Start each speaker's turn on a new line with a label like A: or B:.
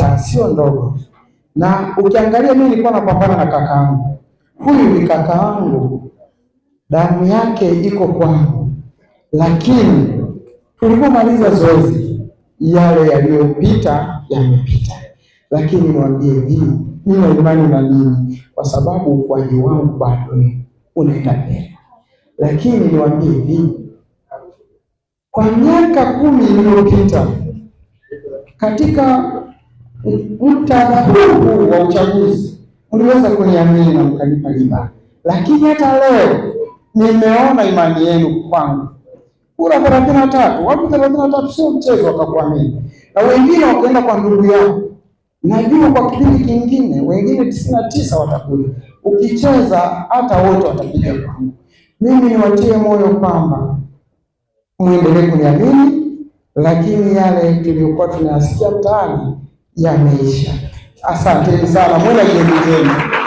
A: vita sio ndogo, na ukiangalia, mimi nilikuwa napambana na kaka yangu, Huyu ni kaka yangu, damu yake iko kwangu, lakini tulipomaliza zoezi, yale yaliyopita yamepita. Lakini niwaambie hivi, nina imani na nini? Kwa sababu ukuaji wangu bado unaenda mbele. Lakini niwaambie hivi, kwa miaka kumi iliyopita katika muktadha huu wa uchaguzi uliweza kuniamini na mkanipa ridhaa, lakini hata leo nimeona imani yenu kwangu. Kura thelathini na tatu watu thelathini na tatu sio mchezo, wakakuamini na wengine wakaenda kwa ndugu yao. Najua kwa kipindi kingine wengine tisini na tisa watakuja. Ukicheza hata wote watapiga kwangu. Mimi niwatie moyo kwamba mwendelee kuniamini, lakini yale tuliyokuwa tunayasikia mtaani yameisha. Asanteni sana, mwe na jioni njema.